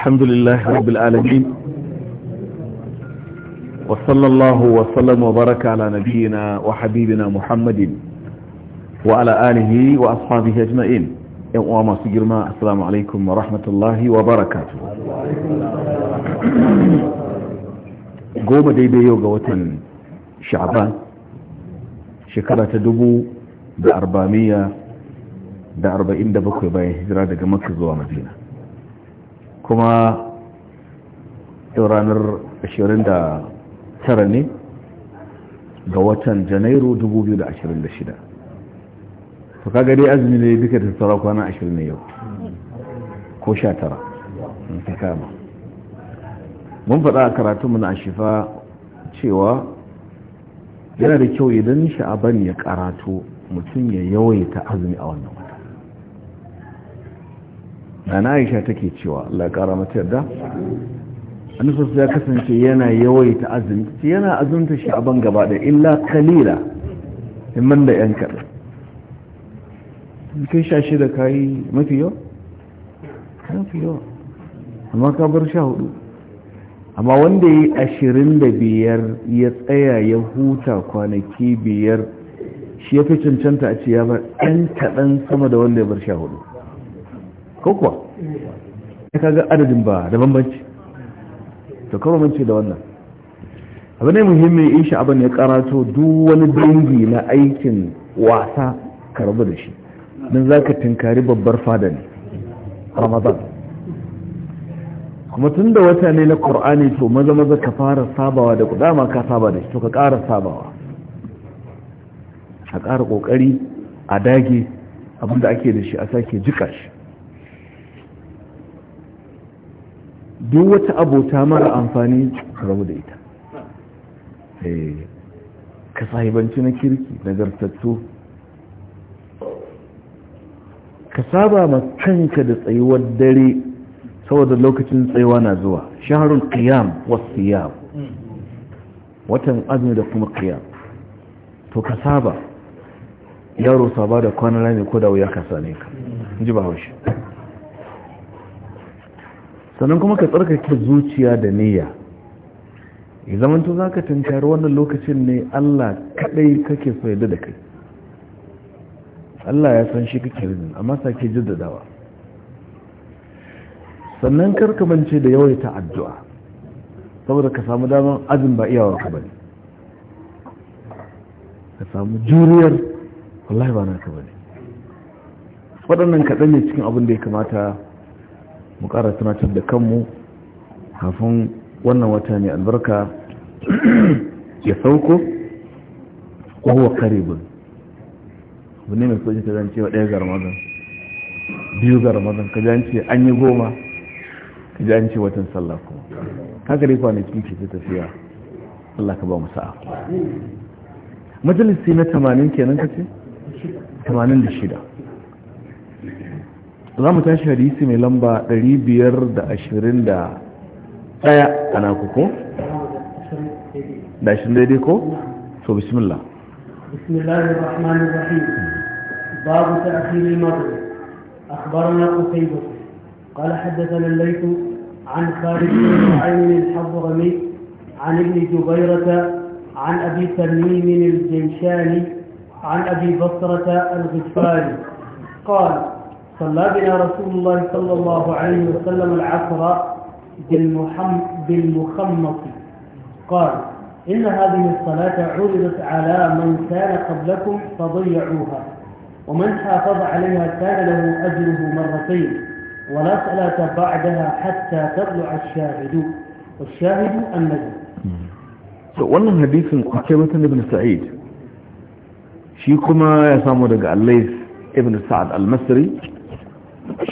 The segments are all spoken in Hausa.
الحمد لله رب العالمين وصلى الله وسلم وبارك على نبينا وحبيبنا محمد وعلى آله وأصحابه أجمعين يوم سجرما السلام عليكم ورحمة الله وبركاته قوم دي بيوغة وتن شعبان شكرة دبو بأربعمية da 47 bayan hijira daga makka zuwa madina kuma yau ranar 29 ne ga watan janairu 2026 to kaga dai azumi ne duka ta tsara kwana 20 ne yau ko 19 ta kama mun faɗa a karatunmu na shifa cewa yana da kyau idan sha'aban ya karatu mutum ya yawaita azumi a wannan na aisha take cewa Allah kara mata yarda annabi ya kasance yana yawaita azumi yana azumta shi a ban gaba da illa kalila imman da yan kaɗan kai sha shi da kai mafi yau mafi yau amma ka bar sha hudu amma wanda ya yi ashirin da biyar ya tsaya ya huta kwanaki biyar shi ya fi cancanta a ce ya bar ɗan kaɗan sama da wanda ya bar sha hudu ko kuwa ya kaga adadin ba da bambanci to kawo mance da wannan abu ne muhimmin in abin ya karato duk wani dangi na aikin wasa ka rabu da shi don za ka tinkari babbar fada ne ramadan kuma tun da wata ne na kur'ani to maza maza ka fara sabawa da kudama ka saba da shi to ka ƙara sabawa a ƙara ƙoƙari a dage abinda ake da shi a sake jika shi duk wata abota mara amfani rabu da ita eh, ka sahibanci na kirki nagartattu ka saba ma kanka da tsayuwar dare saboda lokacin tsayuwa na zuwa shaharun qiyam wasu yam watan azumi da kuma qiyam to ka saba yaro saba da kwanan rami ko da wuya ka sane ka ji ba haushi sannan kuma ka tsarkake zuciya da niyya zamanto za ka tunkari wannan lokacin ne allah kadai kake so yadda da kai allah ya san shi kake rizin amma sake dawa. sannan karkamance da yawai ta addu'a saboda ka samu damar azin ba iyawar ka bane ka samu juriyar wallahi ba na ka bane waɗannan kaɗan ne cikin abin da ya kamata mu ƙara tunatar da kanmu kafin wannan wata ne albarka ya sauko kowa karibin wani mai soji ta zance wa ɗaya ga ramadan biyu ga ramadan ka zance an yi goma ka zance ce watan sallah kuma haka dai kwanaki ke ta tafiya Allah ka ba mu sa'a majalisi na 80 kenan kace 86 za mu tashi hadisi mai lamba 521 ana kuku da shi daidai ko? so bismillah bismillahir rahmanir rahim babu ta'khiril maghrib akhbarana qutaybah qala hadathana al-layth an khalid bin ayn al-hadrami an ibn an abi أبي تميم الجيشاني عن أبي بصرة الغفاري قال صلى بنا رسول الله صلى الله عليه وسلم العصر بالمخمص قال إن هذه الصلاة عرضت على من كان قبلكم فضيعوها ومن حافظ عليها كان له أجره مرتين ولا صلاة بعدها حتى تطلع الشاهد والشاهد النجم wannan hadisin akwai ابن سعيد شيكما يا kuma ya samu daga allais ibn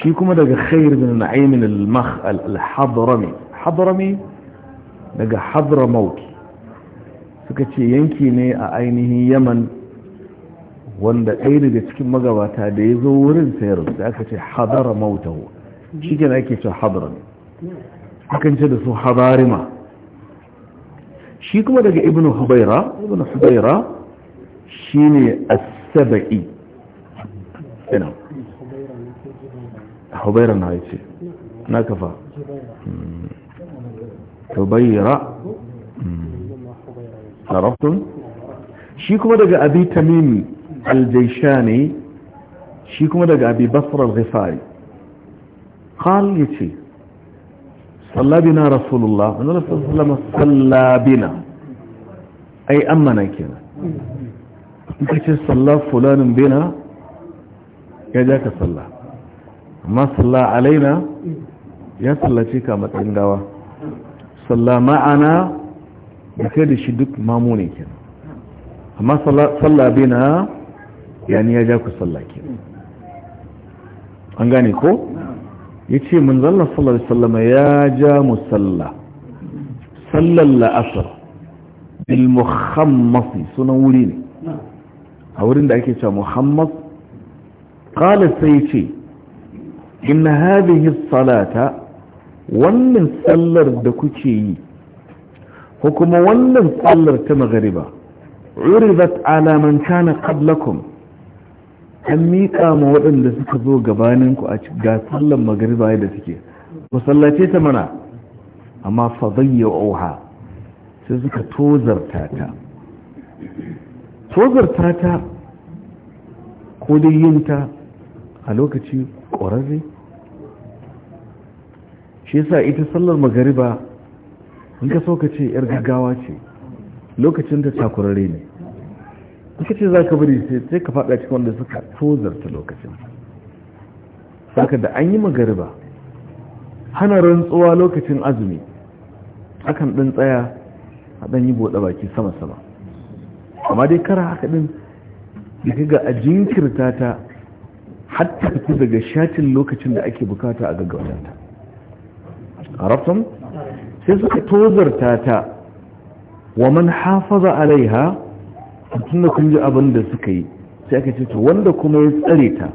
shi kuma daga khair min na'imin al-makh al-hadrami hadrami daga hadramaut suka ce yanki ne a ainihin yaman wanda ɗaya daga cikin magabata da ya zo wurin sayar da aka ce hadara mautahu shi ke ake ce hadara ne akan ce da su hadarima shi kuma daga ibn hubaira ibn hubaira shi ne hubaira na ya na kafa hubaira hmm. arabtun shi kuma daga abi tamim aljaishani shi kuma daga abi basra al-ghifari قال يتي صلى بنا رسول الله أن الله صلى الله صلى بنا أي أمنا كنا أنت صلى فلان بنا يجاك masla alaina ya sallace ka matsayin gawa salla ma'ana da da shi duk mamu ne kenan amma salla bina yani ya ja ku salla an gane ko ya ce mun zalla sallar sallama ya ja mu salla sallar la'asar bil sunan wuri ne a wurin da ake cewa muhammad kala sai ce inna hadhihi salata wannan sallar da kuke yi ko kuma wannan sallar ta magariba uridat ala man kana qablakum an miƙa ma waɗanda suka zo gabaninku a ga sallar magariba da suke ku sallace ta mana amma fa oha sai suka tozarta ta tozarta ta ko dai yin ta a lokaci ƙwararre shi yasa ita sallar magariba in ka so ka ce yar gaggawa ce lokacin ta takurare ne suka ce za ka bari sai ka faɗa cikin wanda suka tozarta lokacin saka da an yi magariba hana rantsuwa lokacin azumi akan ɗin tsaya a ɗan yi buɗe baki sama-sama amma dai kara haka ɗin da ga a jinkirta ta hatta ku daga shatin lokacin da ake bukata a gaggauta ta arabtum sai suka tozarta ta wa man hafaza alaiha da kun ji abin da suka yi sai aka ce to wanda kuma ya tsare ta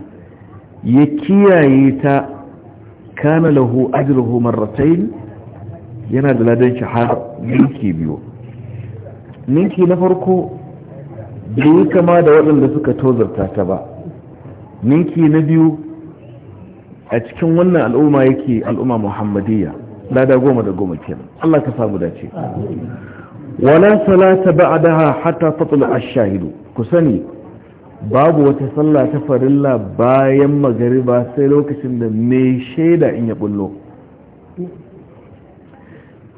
ya kiyaye ta kana lahu ajruhu marratayn yana da ladan shi har ninki biyu ninki na farko bai kama da waɗanda suka tozarta ta ba ninki na biyu a cikin wannan al'umma yake al'umma muhammadiyya lada goma da goma kenan Allah ka samu dace wala salata ba'daha hatta tatlu ash-shahidu ku sani babu wata sallah ta farilla bayan magariba sai lokacin da mai shaida in ya bullo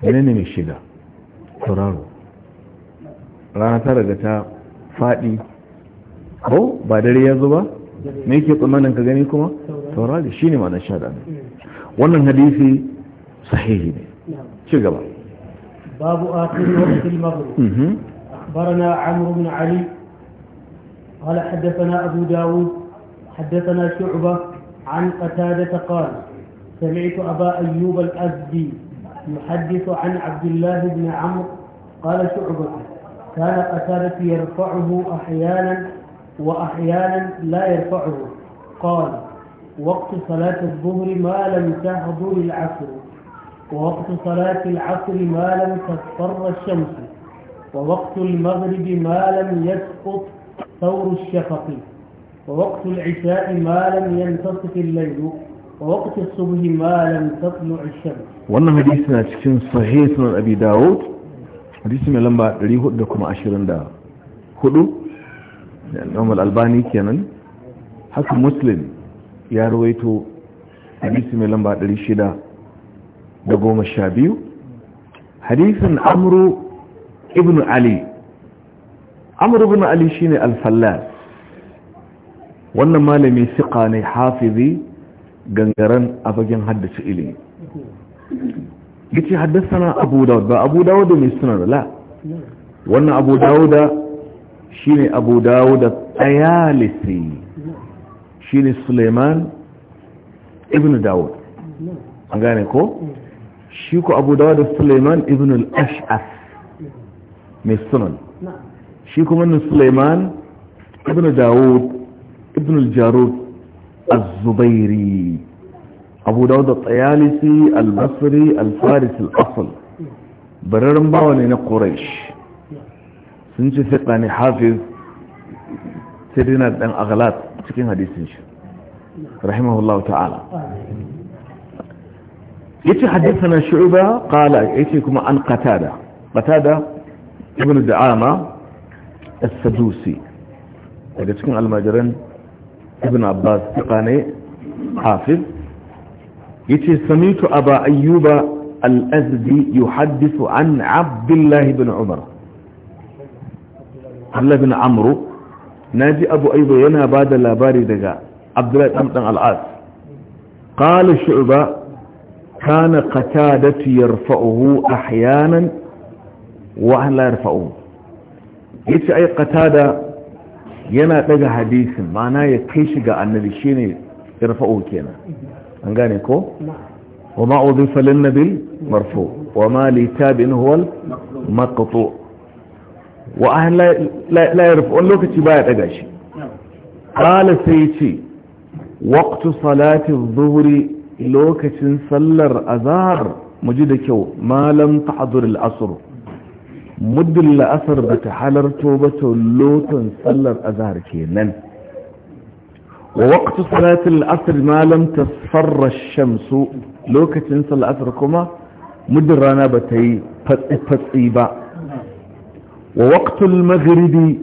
menene ne mai shaida rana ta daga ta faɗi ko ba dare ya zo ba me yake tsammanin ka gani kuma taurari shine ma'anar shahada wannan hadisi sahihi ne ci gaba babu akhir waqt al-maghrib akhbarana amr ibn ali قال حدثنا أبو داود حدثنا شعبة عن قتادة قال سمعت أبا أيوب الأزدي يحدث عن عبد الله بن عمرو قال شعبة كان قتادة يرفعه أحيانا وأحيانا لا يرفعه قال وقت صلاة الظهر ما لم تحضر العصر ووقت صلاة العصر ما لم تصفر الشمس ووقت المغرب ما لم يسقط ثور الشفق ووقت العشاء ما لم ينتصف الليل ووقت الصبح ما لم تطلع الشمس wannan hadisi na cikin sahih sunan abi dawud hadisi mai lamba 424 da al'ammal albani kenan haka muslim ya rawaito hadisi mai lamba 612 hadisin amru ibn ali amru ibn ali shine al-fallas wannan malami siqa ne hafizi gangaren a fagen haddace ilimi yace haddasa na abu dawud ba abu dawud mai suna da la wannan abu dawud Shi ne abu dawo da tsayalisi shi ne suleiman ibn dawo an gane ko shi ko abu dawo da suleiman ibn al mai sunan shi kuma ni suleiman ibn dawo ibn al-jarud az-zubairi abu dawo da tsayalisi al-basri al-faris al-asl bararren bawa ne na quraish sun ce fiƙa ne hafiz sirrinar dan aghlat cikin hadisin shi rahimahullahu ta'ala yace haddathana shu'ba qala yace kuma an qatada qatada ibn da'ama as-sadusi daga cikin almajiran ibn abbas tiqane hafiz yace samitu aba ayyuba al-azdi yuhaddithu an abdullah ibn umar Allah bin Amru na ji Abu Aiba yana ba da labari daga Abdullahi ɗan ɗan al'as. Ƙala shu'ba kana qatadatu yarfa'uhu ahyanan wa ahla yarfa'uhu yace ai katada yana ɗaga hadisin ma'ana ya kai shi ga annabi shine kenan an gane ko wa ma udhifa nabil marfu wa ma li huwal wa ahan la yarfa wani lokaci baya daga shi qala sai ce waqtu salatin adh lokacin sallar azhar muji da kyau malam ta'dur al-asr muddin la'asar ba ta halarto ba ta lotan sallar azhar kenan wa waqtu salatin al-asr ma lam tasfarra shamsu lokacin sallar asr kuma muddin rana ba ta yi fatsi fatsi ba wa waqtul maghribi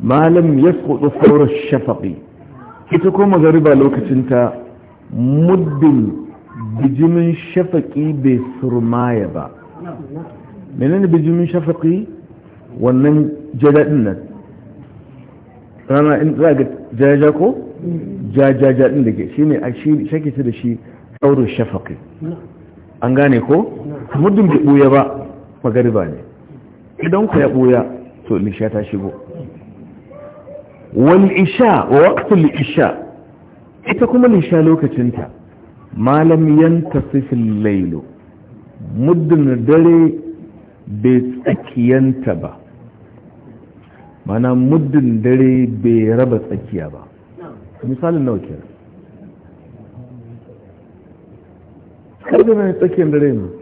ma lam yasqut fawr ita ko magariba lokacinta muddin bijimin shafaqi bai surmaya ba menene bijimin shafaqi wannan jadadin nan rana in za ga jaja ko jajaja din da ke shi ne a shi shake da shi tsaurin shafaqi an gane ko muddin bai buya ba magariba ne idan ku ya ɓoya to nisha ta shigo Wani isha wa waqtul isha ita kuma nisha lokacinta malam yanta sifin lailo muddin dare bai tsakiyanta ba mana muddin dare bai raba tsakiya ba misalin nawa kenan karfe mai tsakiyar dare ne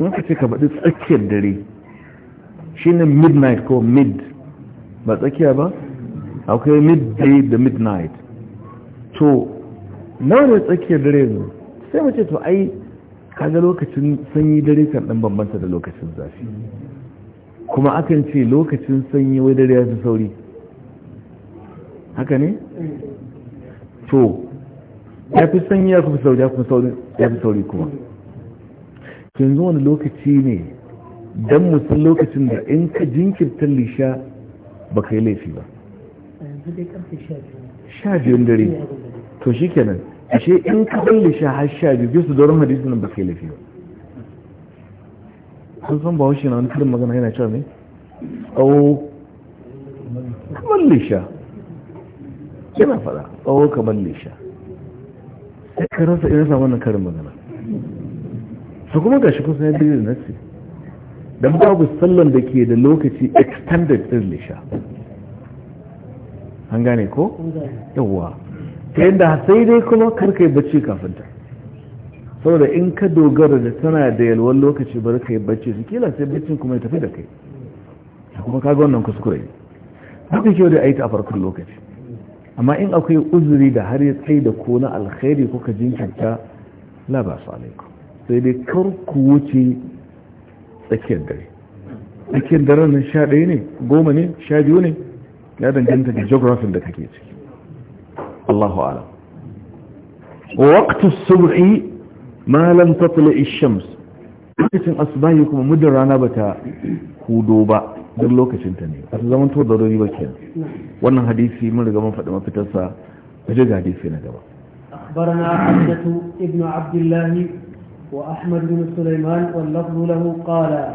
in ka ce ka faɗi tsakiyar dare shi ne midnight ko mid ba tsakiya ba akwai midday da midnight to nawa ne tsakiyar dare yanzu sai mace to ai kaga lokacin sanyi dare kan dan bambanta da lokacin zafi kuma akan ce lokacin sanyi wai dare ya fi sauri haka ne to ya fi sanyi ya fi sauri ya fi sauri kuma yanzu wani lokaci ne don mutum lokacin da in ka jinkirta lisha ba ka yi laifi ba sha biyun dare to shi kenan ashe in ka bar lisha har sha biyu bisu doron hadisi nan ba ka yi laifi ba sun san ba washe na wani kalin magana yana cewa ne tsawo kamar lisha yana faɗa tsawo kamar lisha ya ka rasa irin samun karin magana su kuma ga shi kusa ya yin na Da don babu sallan da ke da lokaci extended din lisha an gane ko? yawwa ta yadda sai dai kuma karka yi bacci kafin ta saboda in ka dogara da tana da yalwar lokaci bar ka yi bacci su kila sai baccin kuma ya tafi da kai kuma kaga wannan kuskure ne haka kyau da a yi ta a farkon lokaci amma in akwai uzuri da har ya tsaye da kona na alkhairi kuka jinkirta labasa alaikum sai dai kar ku wuce tsakiyar dare tsakiyar dare nan sha ɗaya ne goma ne sha biyu ne ya danganta da geografin da kake ciki Allahu alam waqtu subhi ma lam tatli ash-shams lokacin asbahi kuma muddin rana bata hudo ba duk lokacin ta ne a zaman to da ba ke wannan hadisi mun riga mun faɗi mafitarsa ga hadisi na gaba أخبرنا عبدة ابن عبد الله وأحمد بن سليمان واللفظ له قال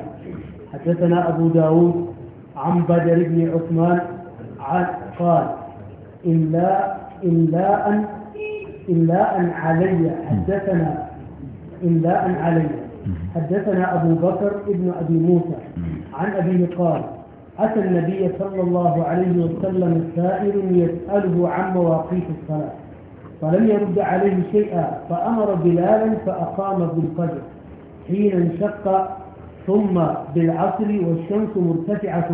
حدثنا أبو داود عن بدر بن عثمان عن قال إلا إلا أن إلا أن علي حدثنا إلا أن علي حدثنا أبو بكر ابن أبي موسى عن أبي قال أتى النبي صلى الله عليه وسلم سائل يسأله عن مواقيت الصلاة فلم يرد عليه شيئا فأمر بلالا فأقام بالفجر حين انشق ثم بالعصر والشمس مرتفعة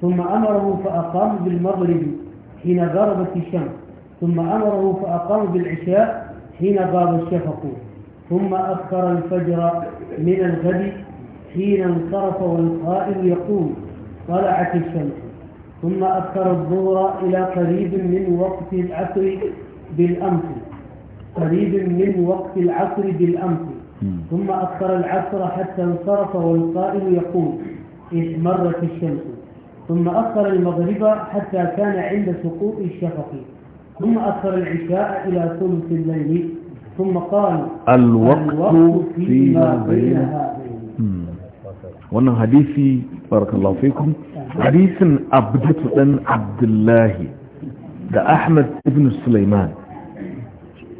ثم أمره فأقام بالمغرب حين غربت الشمس ثم أمره فأقام بالعشاء حين غاب الشفق ثم أخر الفجر من الغد حين انصرف والقائل يقول طلعت الشمس ثم أخر الظهر إلى قريب من وقت العصر بالأمس قريب من وقت العصر بالأمس ثم أكثر العصر حتى انصرف والقائل يقول مرت الشمس ثم أكثر المغرب حتى كان عند سقوط الشفق ثم أكثر العشاء إلى ثلث الليل ثم قال الوقت, الوقت فيما بين هذين wannan hadisi barakallahu fikum hadisin abdatu dan abdullahi da ahmad ibn sulaiman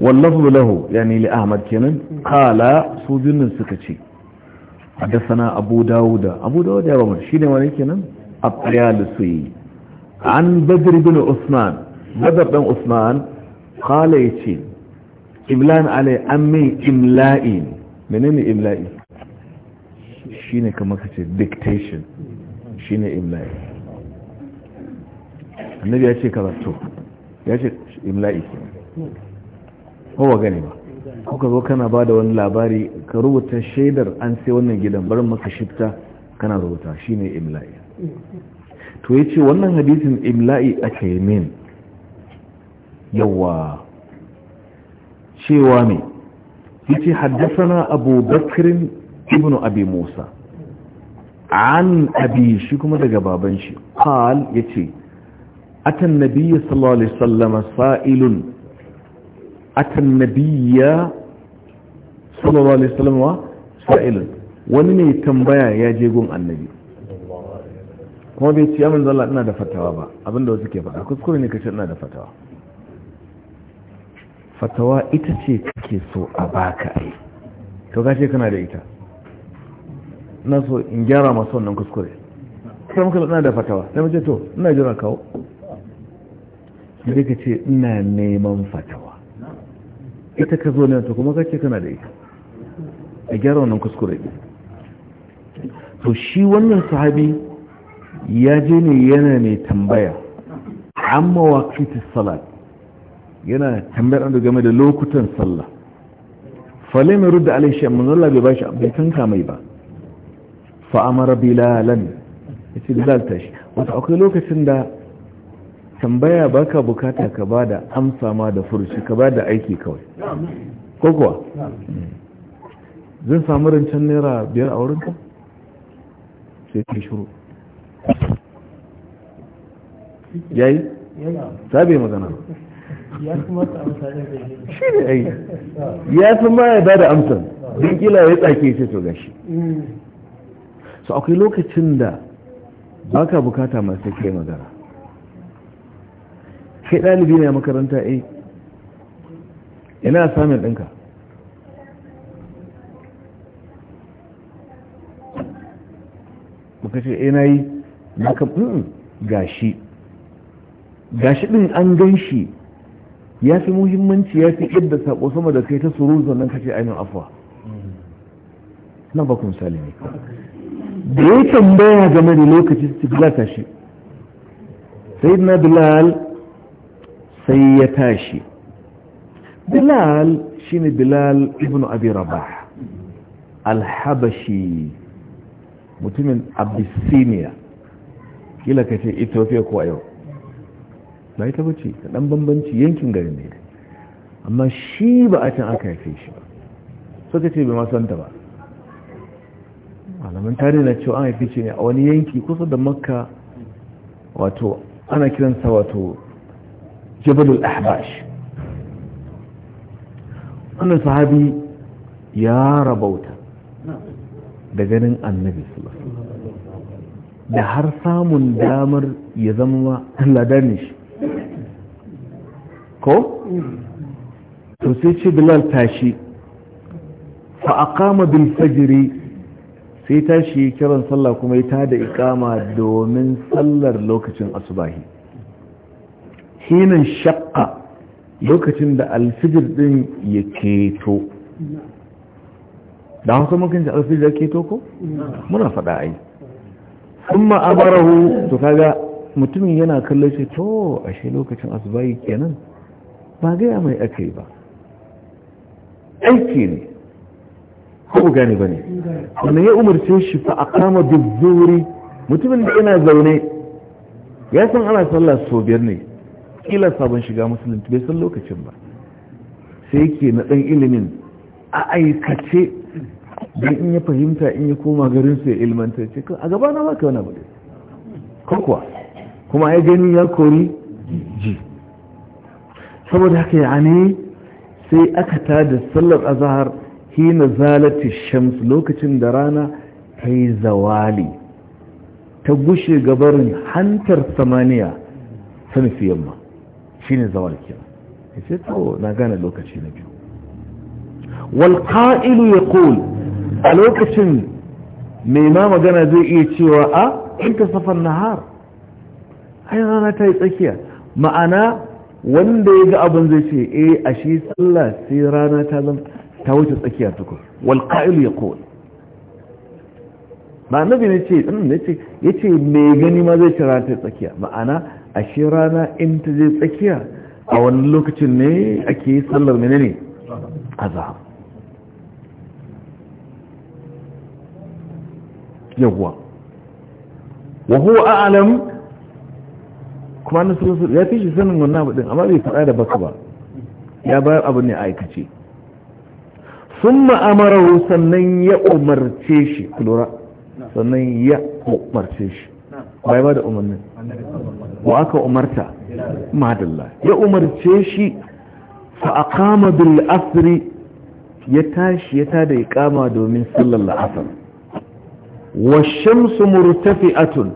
wallafu lahu yani li ahmad kenan qala su dinnin suka ce hadathana abu dauda abu dauda ya bamu shine wani kenan abriyal an badr ibn usman badr ibn usman qala yace imlan alai ammi imla'in menene imla'i shine kamar kace dictation shine imla'i annabi ya ce karatu ya ce imla'i kowa gani ba kuka zo kana ba da wani labari ka rubuta shaidar an sai wannan gidan barin maka shifta kana rubuta shine imla'i to ya ce wannan hadisin imla'i aka yi min yawa cewa ne Haddasa na Abu bakirin ibn Abi Musa an abi shi kuma daga baban shi qal yace atan nabiyyi sallallahu alaihi sallama sa'ilun atan nabiyya sallallahu alaihi wasallam wa sa'ilun wani ne tambaya ya je annabi kuma bai ci amin manzo ina da fatawa ba Abin da wasu ke faɗa kuskure ne kace ina da fatawa fatawa ita ce kake so a baka ai to gashi kana da ita Ina so in gyara masu wannan kuskure sai muka ina da fatawa sai muke to ina jira kawo sai ka ce ina neman fatawa ita ka zo ne ta kuma kake kana da ita a gyara wannan kuskure to shi wannan sahabi ya je ne yana mai tambaya wa mawaƙiti salat yana tambayar da game da lokutan sallah fale mai rudda alai shi amma Allah bai bashi bai tanka mai ba fa amara bilalan yace bilal tashi wato akwai lokacin da tambaya baka bukata ka ba da amsa ma da furuci ka ba da aiki kawai ko kuwa zan samu rancen naira biyar a wurinka sai ka shuru yayi ya yi ta amsa ya fi ma ya ba da amsa din kila ya tsake sai to gashi mm. so akwai lokacin da baka bukata masu kai magana kai ɗalibi ne a makaranta eh ina samun ɗinka muka ce ina eh, yi maka hmm, gashi gashi ɗin an gan shi ya fi muhimmanci ya fi yadda sako sama da kai ta suru sannan kace ainihin afuwa na bakun salimi da ya tambaya game da lokaci su gilata shi sai na bilal sai ya tashi bilal shine bilal ibn abi rabah alhabashi mutumin abyssinia kila ka ce ethiopia ko a yau ba ita bace dan bambanci yankin gari ne amma shi ba a can aka haife shi ba ka ce bai masanta ba malaman tare na cewa an haifi ce ne a wani yanki kusa da makka wato ana kiransa wato صحابي ahbash wannan sahabi ya rabauta da ganin annabi da har samun damar ya zama ladarni shi ko? to sai ce bilal tashi Fa kama bil fajiri sai tashi kiran sallah kuma ya tada ikama domin sallar lokacin asubahi hinan shakka lokacin da alfijir din ya keto da hausa mukan ji alfijir ya keto ko? muna faɗa ai sun abarahu to kaga mutumin yana kallon shi to ashe lokacin asubayi kenan ba gaya mai aka ba aiki ne ko gani ba ne wanda ya umarce shi fa a kama zuri mutumin da yana zaune ya san ana sallah sobiyar biyar ne kila sabon shiga musulunci bai san lokacin ba sai ke na ɗan ilimin a aikace don in ya fahimta in ya koma garin su ya ilmantar ce a gaba na ka wani abu kuwa kuma ya gani ya kori ji saboda haka ya ne sai aka tada sallar azahar hina zalati shams lokacin da rana ta yi zawali ta gushe gabarin hantar samaniya sanfi ma. shine zawal kenan yace to na gane lokaci na biyu wal ya yaqul a lokacin mai ma magana zai iya cewa a in ta safar nahar ai rana ta yi tsakiya ma'ana wanda ya ga abin zai ce eh a shi sallah sai rana ta zama ta wuce tsakiya tukur wal ya yaqul ba annabi ne ce in mm, ce yace mai gani ma zai ci rana ta tsakiya ma'ana ashe rana in ta je tsakiya a wani lokacin ne ake yi sallar mene ne azahar yawwa wa a a'lam kuma na sulusu ya fi shi sanin wani abu amma bai faɗa da baka ba ya bayar abu ne a aikace sun ma'amara sannan ya umarce shi kulura sannan ya umarce shi bai ba da umarnin wa aka umarta madalla ya umarce shi fa aqama bil asri ya tashi ya tada iqama domin sallar la'asar wa shamsu murtafi'atun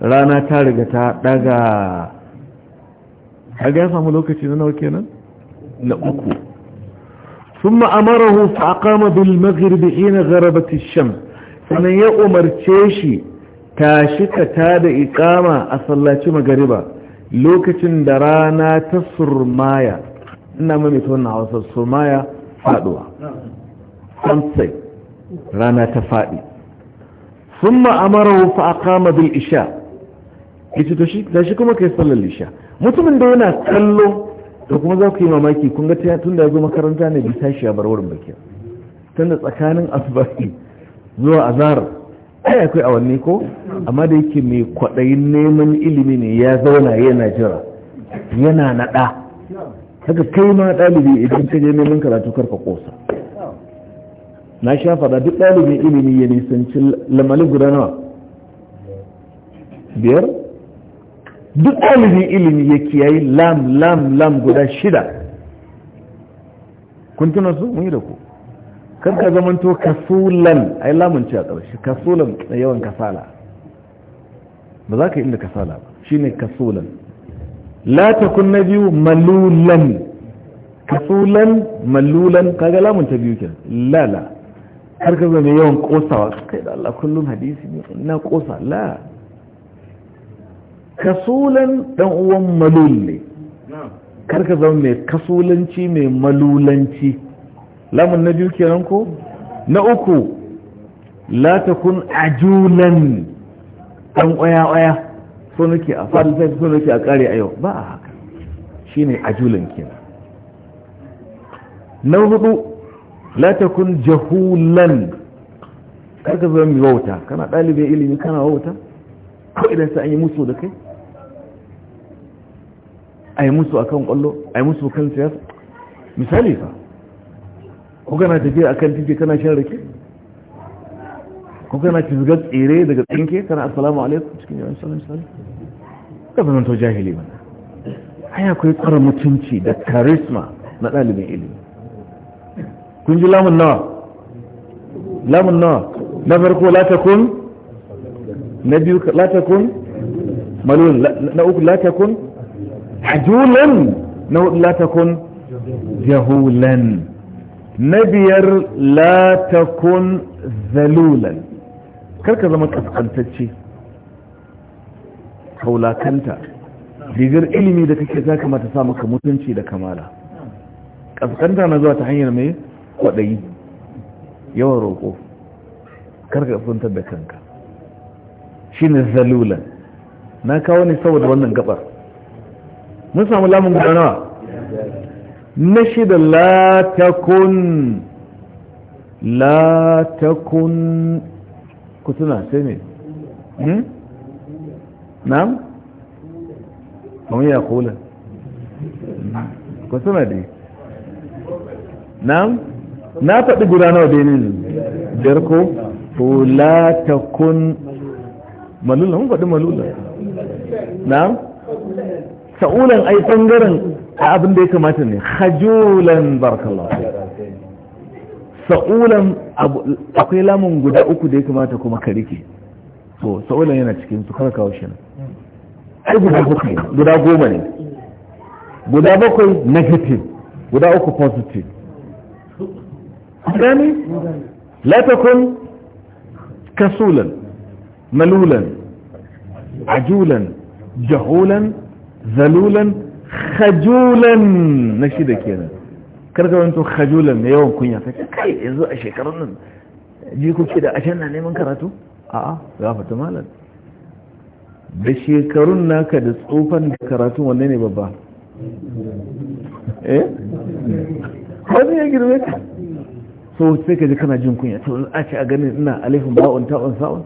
rana ta riga ta daga kaga ya samu lokaci na nawa kenan na uku ثم أمره فأقام بالمغرب حين غربت الشمس sannan ya umarce shi tashi ka tada iƙama a sallaci magariba lokacin da rana ta surmaya ina mai ta wannan hausa surmaya faduwa sunset rana ta faɗi. sun ma'amara wufa fa kama bil isha ita to shi tashi kuma kai sallar isha mutumin da yana kallo da kuma za ku yi mamaki kun ga tun da ya zo makaranta ne bi tashi a bar wurin bakin tun da tsakanin asbahi zuwa azhar ai akwai awanni ko amma da yake mai kwaɗayin neman ilimi ne ya zauna yana jira yana naɗa haka kai ma ɗalibi idan ka je neman karatu karka ƙosa na sha faɗa duk ɗalibin ilimi ya nisanci lamali guda nawa biyar duk ɗalibin ilimi ya kiyayi lam lam lam guda shida kun tuna su mun yi da ku kan ka zamanto kasulan ai lamunci a ƙarshe kasulan da yawan kasala ba za ka yi inda kasala ba ne kasulan la takun na biyu malulan kasulan malulan kaga lamunta biyu ke lala har ka zama yawan kosawa kai da Allah kullum hadisi ne na kosa la kasulan dan uwan malul ne kar ka zama mai kasulanci mai malulanci lamun na biyu kenan ko na uku la takun ajulan dan oya oya so nake a fadi sai so nake a kare a yau ba a haka shine ajulan kenan na hudu la takun jahulan karka zama mi wauta kana ɗalibin ilimi kana wauta ko idan sai an yi musu da kai Ai musu akan kwallo Ai musu kan siyasa misali fa ko kana tafiya kan titi kana shan rake ko kana cizga tsere daga tsinke kana assalamu alaikum cikin yawan salam salam ka zama to jahili mana haya kai tsara mutunci da karisma na ɗalibin ilimi kun ji lamun nawa lamun nawa na farko latakun? na biyu latakun? malun malul na uku latakun? takun hajulan na hudu latakun? jahulan na biyar la kun zalulan karka zama kaskantacce kaulakanta rigar ilimi da kake za kamata sa samu mutunci da kamala kaskanta na zuwa ta hanyar mai kwaɗayi yawan roƙo karka tsuntar da kanka shi ne zalulan na kawo ne saboda wannan gabar mun samu lamun guda nawa na shida latakun latakun la takun ku tuna sai ne hmm? na'am kamar ya kula ku tuna dai na'am na faɗi guda nawa dai ne biyar ko latakun... la malula mun faɗi malula na'am sa'ulan ai bangaren abin da ya kamata ne hajolan barakallahu sa'ulan akwai lamun guda uku da ya kamata kuma ka rike to sa'ulan yana cikin su kar kawo shi nan ai guda bakwai guda goma ne guda bakwai negative guda uku positive gani la takun kasulan malulan ajulan jahulan zalulan khajulan na shida kenan karka wanto khajulan na yawan kunya kace kai yanzu a shekarun nan ji kuke da ashen na neman karatu a'a fata malam da shekarun naka da tsofan da karatu wanne ne babba eh wani ya girme ka so sai ka ji kana jin kunya to a ce a ganin ina alifin ba'un ta'un sa'un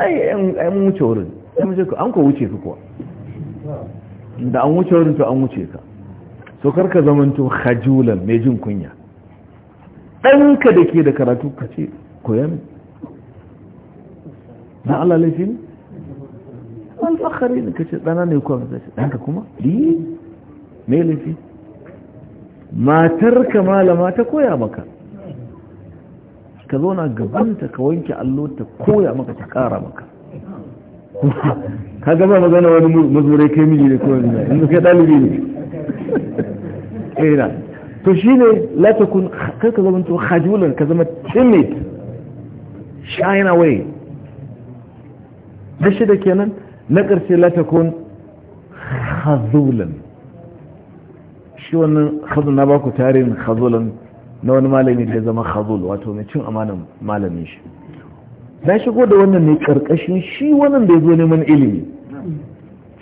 ai an wuce wurin an ko wuce su kuwa da an wuce wurin to an wuce ka so karka to khajulan mai jin kunya ɗanka da ke da karatu ka ce koyan na Allah laifi ne alfahari ne ka ce ɗana ne kuwa ka ce ɗanka kuma di mai laifi matar ka malama ta koya maka ka zauna gabanta ka wanke allo ta koya maka ta ƙara maka kaga ba magana wani mazurai kai miji ne kawai ne inda kai dalibi ne ina eh, to shine la takun kar ka zama to khajulan ka zama timid shine away da shi da kenan na karshe la takun khazulan shi wannan khazul na baku tarihin khazulan na wani malami da zama khazul wato mai cin amanan malamin shi na shigo da wannan ne karkashin shi wannan da ya zo neman ilimi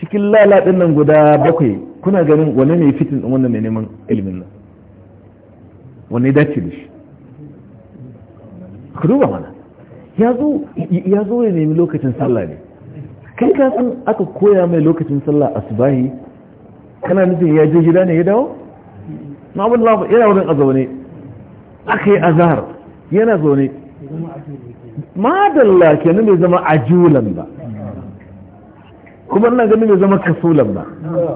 cikin lalaɗin nan guda bakwai kuna ganin wane ne fitin ɗin wannan ne neman ilimin nan wane dace da shi ku duba mana ya zo ya nemi lokacin sallah ne kai ka san aka koya mai lokacin sallah asubahi kana nufin ya je gida ne ya dawo na abin lafa yana wurin a zaune aka yi azahar yana zaune madalla kenan bai zama ajulan ba kuma ina ganin bai zama kasulan ba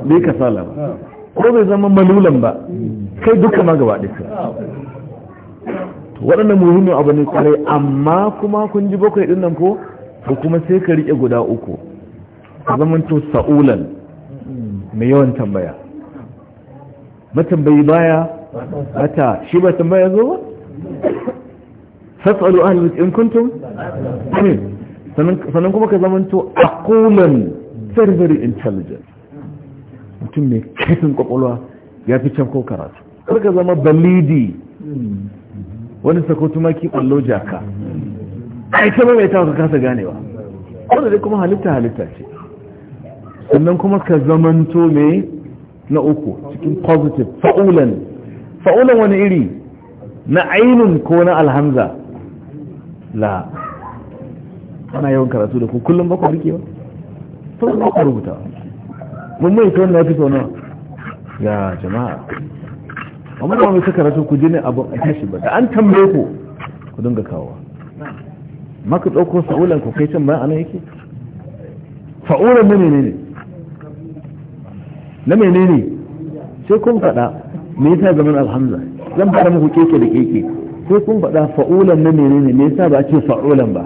bai kasala ba ko bai zama malulan ba kai duka ma gaba ɗaya waɗannan muhimmin abu ne kwarai amma kuma kun ji bakwai ɗin nan ko ko kuma sai ka riƙe guda uku ka zama to sa'ulan mai yawan tambaya matambayi baya mata shi ba tambaya zo ba fasalu ahli in kuntum amin sannan kuma ka zamanto aqulan very very intelligent mutum mai kaifin kwakwalwa ya fi can ko karatu kar ka zama balidi wani sako tumaki kwallo jaka ai ta mai ta kasa ganewa wanda dai kuma halitta halitta ce sannan kuma ka zamanto mai na uku cikin positive fa'ulan fa'ulan wani iri na ainun ko na alhamza la ana yawan karatu da ku kullum ba rike ba to ba ka rubuta mun mai ta wannan episode na ya jama'a amma ba mai ta karatu ku jini abu a tashi ba da an tambaye ku ku dinga kawo maka ɗauko sa'ulan ku kai can ba anan yake fa'ulan na ne na menene sai kun faɗa me yasa zaman alhamdulillah zan fara muku keke da keke ko kun faɗa fa'ulan na menene me yasa ba ce fa'ulan ba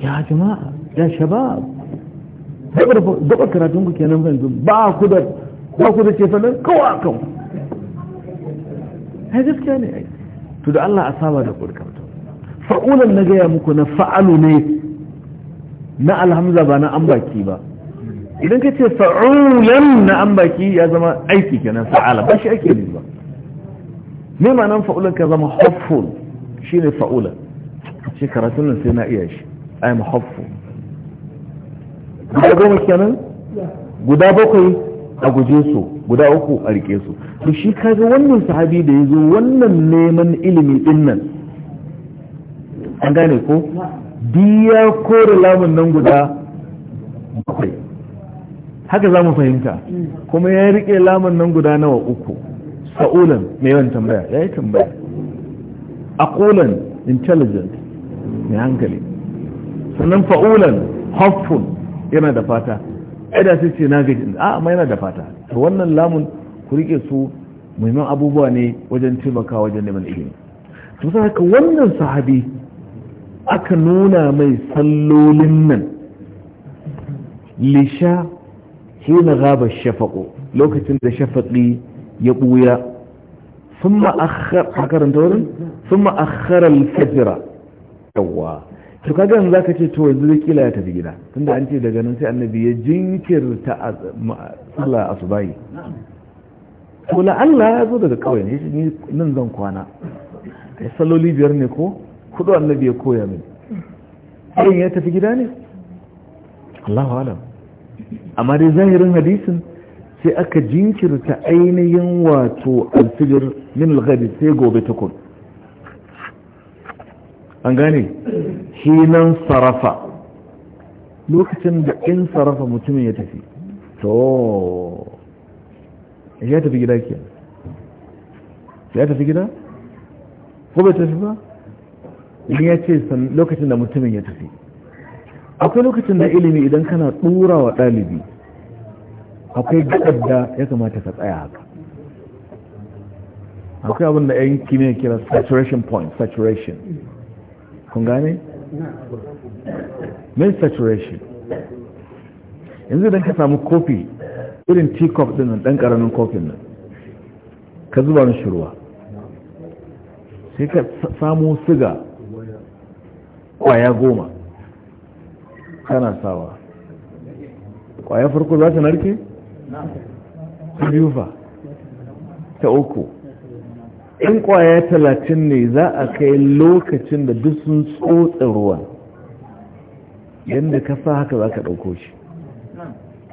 ya jama'a ya shabab gaba karatun ku kenan yanzu ba ku da ba ku da ce fanan kawa kan ai gaskiya ne ai to da Allah a saba da kurkamta fa'ulan na gaya muku na fa'alu ne na alhamza ba na ambaki ba idan ka ce fa'ulan na an baki ya zama aiki kenan fa'ala ba shi ake ne ba me ma'anan fa'ulan ka zama hopeful shi ne fa'ulan shi karatun nan sai na iya shi i am hopeful guda goma kenan guda bakwai a guje su guda uku a rike su to shi kaga wannan sahabi da ya zo wannan neman ilimi din nan an gane ko diya kore lamun nan guda bakwai haka za mu fahimta kuma ya riƙe laman nan guda nawa uku sa'ulan mai yawan tambaya ya yi tambaya aqulan intelligent mai hankali sannan fa'ulan hopeful yana da fata aida sai ce na gaji a amma yana da fata to wannan lamun ku riƙe su muhimman abubuwa ne wajen taimaka wajen neman ilimi to sai haka wannan sahabi aka nuna mai sallolin nan lisha hina gaba shafaƙo lokacin da shafaƙi ya buya ma'akar a karanta دورن sun ma'akar alfajira يوا to kaga yanzu zaka ce to yanzu kila ya tafi gida tunda an ce daga nan sai annabi ya jinkirta sallah asubahi to la'alla ya zo daga kawai ne ni nan zan kwana kai saloli biyar ne ko kudu annabi ya koya mini sai ya tafi gida ne Allahu a'lam amma dai zahirin hadisin sai aka jinkirta ainihin wato alfijir min alghadi sai gobe tukun an gane hinan sarafa lokacin da in sarafa mutumin ya tafi to ya tafi gida ke ya tafi gida ko bai tafi ba in ya ce lokacin da mutumin ya tafi akwai lokacin da ilimi idan kana ɗura wa ɗalibi akwai gaɗar da ya kamata ka tsaya haka akwai abin da 'yan kimiyya kira saturation point saturation kun gane? mai saturation yanzu idan ka samu kofi irin teacup din nan ɗan ƙaramin kofin nan ka zuba ni ruwa sai ka samu siga kwaya goma kana sawa kwaya farko za ta narke? ta biyu ba ta uku in kwaya talatin ne za a kai lokacin da duk sun tsotsa ruwa yadda ka sa haka za ka ɗauko shi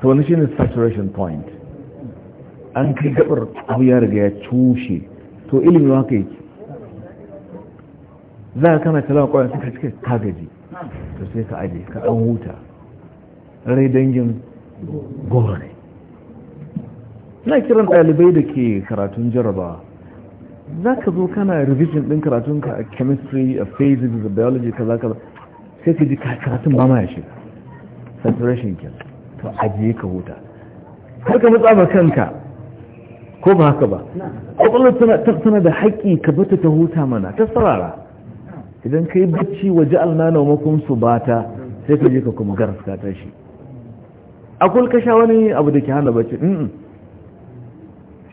ta wani shi ne saturation point an kai gabar abu ya riga ya cushe to ilimin haka yake za a kana talawa kwaya suka cike ta gaji to sai ka aje ka huta rai dangin gore na kiran ɗalibai da ke karatun jaraba za ka zo kana revision ɗin karatunka a chemistry a physics a biology ka za sai ka ji karatun ba ma ya shiga saturation kin to ajiye ka huta har ka matsa ba kanka ko ba haka ba kwakwalwar tana da haƙƙi ka bata ta huta mana ta saurara. idan kai bacci waje alna na makon su bata sai ka je ka kuma garaska ta shi kul ka sha wani abu da ke hana bacci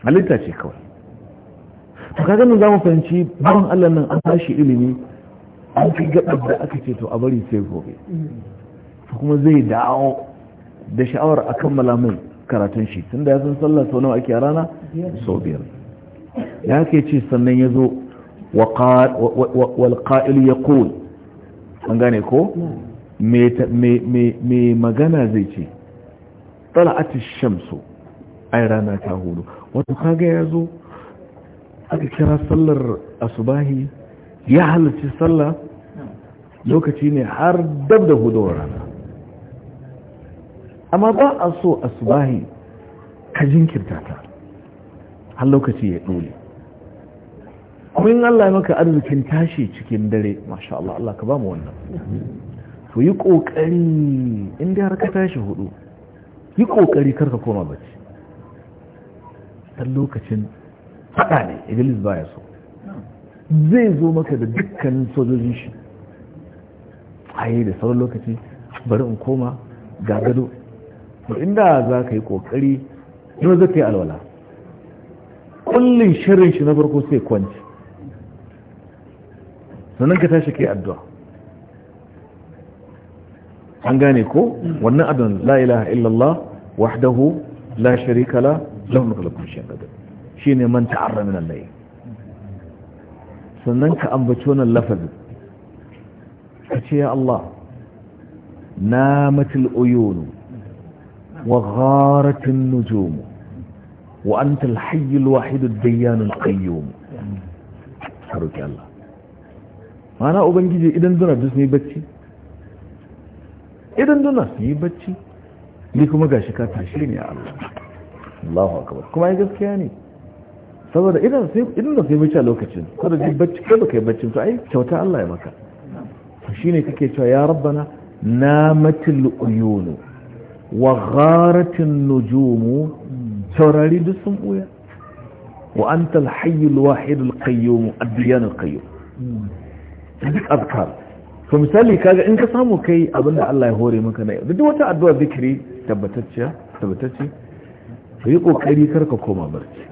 halitta ce kawai to kaga gani za mu fahimci bawan Allah nan an tashi ilimi an fi gabar da aka ce to a bari sai gobe To kuma zai dawo da sha'awar a kammala mai karatun shi tunda da ya san sallah sau nawa ake rana sau biyar ya ke ce sannan ya zo walƙa'il ya kowai, an gane ko mai magana zai ce tsala'atun shamsu ai rana ta hudu wata kaga ya zo aka kira sallar asubahi ya halarci sallah lokaci ne har dab da hudowar rana amma ba a so asubahi ka jinkirta ta har lokaci ya dole kuma in Allah ya maka arzikin tashi cikin dare masha Allah Allah ka ba mu wannan to yi kokari in dai har ka tashi hudu yi kokari kar ka koma bacci dan lokacin fada ne iblis baya so zai zo maka da dukkan sojojin shi ayi da sauran lokaci bari in koma ga gado inda za ka yi kokari yau zai kai alwala Ƙullin shirin shi na farko sai kwanci sannan ka tashi kai addu'a an gane ko wannan adon la ilaha illallah wahdahu la sharika la lahul mulku shay'an qadir shine man ta'arra min al-layl sannan ka ambaci wannan lafazin ka ce ya Allah namatil uyunu wa gharatin nujumu وأنت الحي الوحيد الديان القيوم أرجو الله mana ubangiji idan duna duk sun yi bacci idan duna yi bacci ni kuma gashi ka tashi ne Allah Allahu akbar kuma ai gaskiya ne saboda idan sai idan da sai bacci lokacin kada ji bacci kada kai bacci to ai kyauta Allah ya maka to shine kake cewa ya rabbana namatil uyunu wa gharatin nujumu taurari duk sun buya wa antal hayyul wahidul qayyum ad qayyum duk azkar to misali kaga in ka samu kai abinda Allah ya hore maka na da duk wata addu'a zikiri tabbatacciya tabbatacce ka yi kokari kar ka koma barci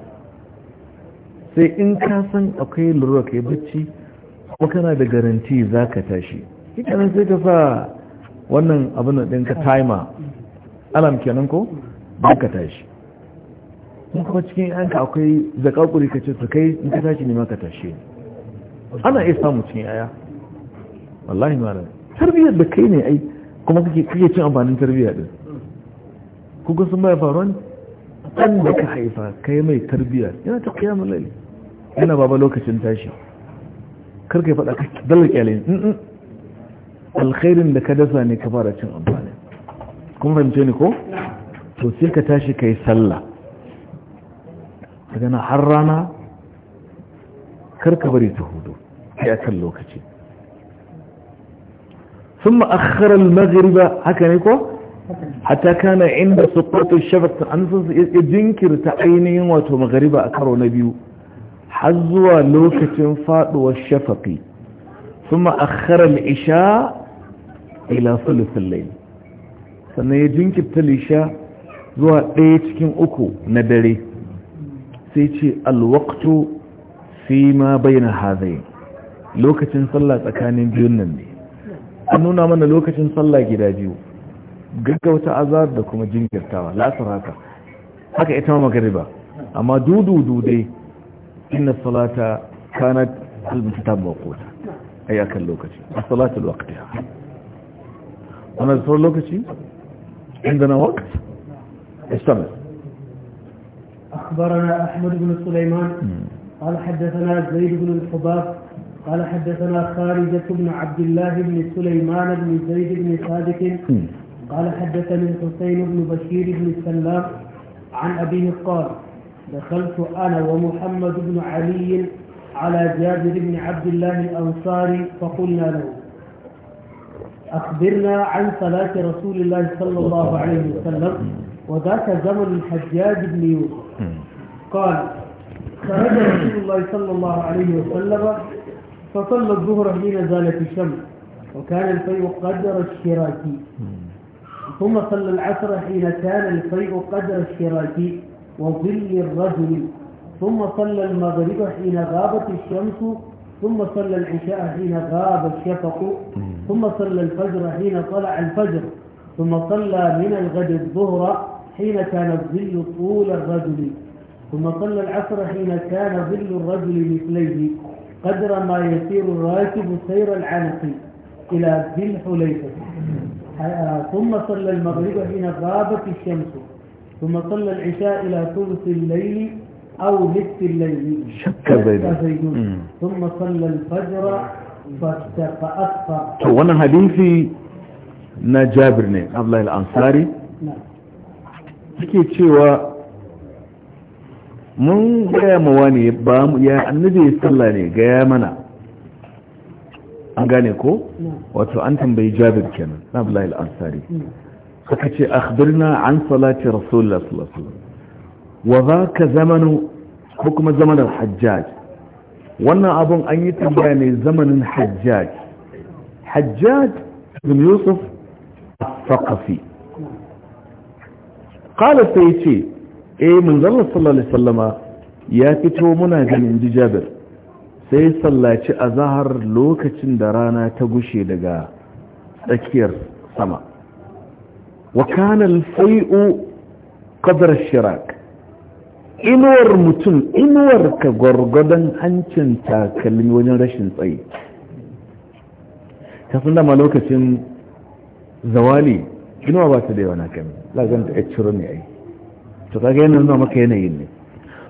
sai in ka san akwai lura kai bacci kuma kana da garanti za ka tashi hikanan sai ka sa wannan abin din ka timer alam kenan ko ba ka tashi kuma cikin yanka akwai zakakuri ka ce su kai in ka tashi ne ma ka tashi ne ana iya samu cin yaya wallahi ma tarbiyyar da kai ne ai kuma kake cin amfanin tarbiyyar din kuka sun baya faruwa ne ɗan da ka haifa kai mai tarbiyyar yana ta kuya lalle yana baba lokacin tashi karka yi faɗa ka dalar kyale alkhairin da ka dasa ne ka fara cin amfani Kuma fahimce ni ko to sai ka tashi ka yi sallah daga na har rana karka bari ta hudu sai a kan lokaci sun ma'akharar magariba haka ne ko Hata kana inda su kwato shafarta an sun su jinkirta ainihin wato magariba a karo na biyu har zuwa lokacin faɗuwar shafafi, sun ma'akharar isha ila sulusun lai sannan ya jinkirta lisha zuwa ɗaya cikin uku na dare sai ce alwaktu fi ma na hazai lokacin sallah tsakanin biyun nan ne an nuna mana lokacin sallah gida biyu gaggauta azar da kuma jinkirtawa la'asar haka haka ita ma magariba amma dududu dai inna salata kanat al-mutatab mawquta ay akan lokaci a as-salatu waqtiha wannan sauran lokaci عندنا وقت استمر أخبرنا أحمد بن سليمان hmm. قال حدثنا زيد بن الحباب قال حدثنا خارجة بن عبد الله بن سليمان بن زيد بن صادق قال حدثني الحسين بن بشير بن سلام عن أبيه قال دخلت أنا ومحمد بن علي على جابر بن عبد الله الأنصاري فقلنا له أخبرنا عن صلاة رسول الله صلى الله عليه وسلم وذاك زمن الحجاج بن يوسف قال خرج رسول الله صلى الله عليه وسلم فصلى الظهر حين زالت الشمس وكان الفيء قدر الشراكي ثم صلى العصر حين كان الفيء قدر الشراكي وظل الرجل ثم صلى المغرب حين غابت الشمس ثم صلى العشاء حين غاب الشفق ثم صلى الفجر حين طلع الفجر ثم صلى من الغد الظهر حين كان الظل طول الرجل ثم صلى العصر حين كان ظل الرجل مثليه قدر ما يسير الراكب سير العنق إلى ذي الحليفة آه، ثم صلى المغرب حين غابت الشمس ثم صلى العشاء إلى ثلث الليل أو نصف الليل شك زيدون ثم صلى الفجر فاستقأت to wannan hadisi na عبد الله الأنصاري نعم ansari mun gaya ma wani ba mu ya annabi sallah ne gaya mana an gane ko wato an tambayi jabir kenan na abdullahi al-ansari suka ce akhbirna an salati rasulullah sallallahu alaihi wasallam wa zaka zamanu ko kuma zamanin hajjaj wannan abun an yi tambaya ne zamanin hajjaj hajjaj bin yusuf al-thaqafi qala sai ce eh manzon sallallahu alaihi wasallama ya fito muna ganin ji jabir sai sallaci azahar lokacin da rana ta gushe daga tsakiyar sama wa kana al-fai'u qadra shirak inuwar mutum inuwar ka gwargwadon hancin takalmi wajen rashin tsayi kafin dama lokacin zawali inuwa ba ta da yawa na kami laganta ya ciro ne ai تقاقين انه ما كينيني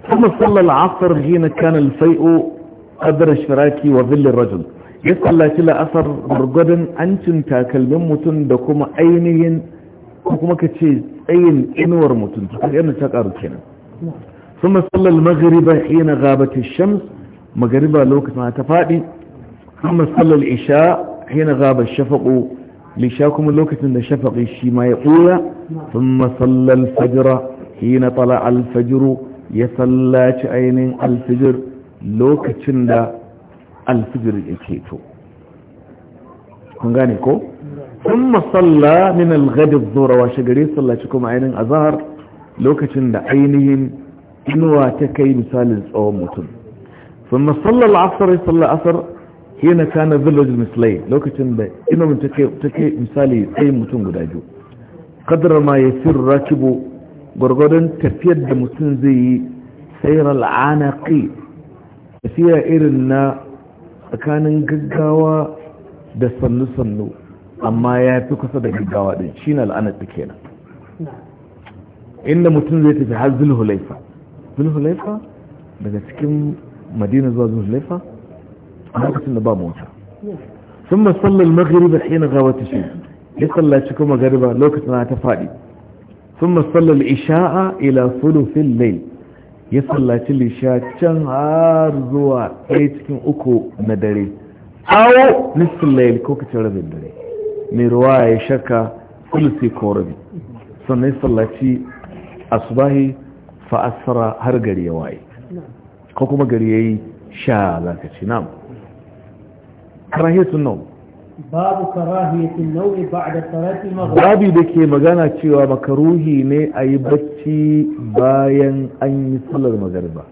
ثم صلى العصر جينا كان الفيء قدر شراكي وظل الرجل يسأل الله كلا أثر مرقدا أنتم تاكل من متن دكما أينهن وكما كتشيز أين إنور متن تقاقين تقاقين تقاقين ثم صلى المغرب حين غابت الشمس مغربة لو كنت ما تفادي ثم صلى العشاء حين غاب الشفق لشاكم لو ان الشفق الشيء يقول ثم صلى الفجر hina tala alfajiru ya sallaci ainihin alfijir lokacin da alfijir ya keto kun gane ko? sun masalla min algadin zorawa shigare sallaci kuma ainihin azahar lokacin da ainihin inuwa ta kai misalin tsawon mutum sun masalla la'asar ya salla asar hina kana village mislai lokacin da inuwa ta kai misali tsayin mutum guda biyu kadar ma ya fi rakibu gwargwadon tafiyar da mutum zai yi sayar al'anaki tafiya irin na tsakanin gaggawa da sannu-sannu amma ya fi kusa da gaggawa din shi na al'anaki kenan inda mutum zai tafi har zulhulaifa zulhulaifa daga cikin madina zuwa zulhulaifa a lokacin da ba mota sun masallar maghariba hina gawa ta shi ya sallaci kuma gariba lokacin ta faɗi ثم صلى Isha'a الى ثلث الليل ya sallaci lisha can har zuwa ɗaya cikin uku na dare awo nisfin layil ko kacin rabin dare mai ruwa ya shakka sulusi ko sannan ya sallaci asubahi fa'asara har gari ya waye ko kuma gari ya yi sha zakaci na ƙarahi sun nau babu karahiyatin nau'i ba'da salati maghrib babu dake magana cewa makaruhi ne a yi bacci bayan an yi sallar magariba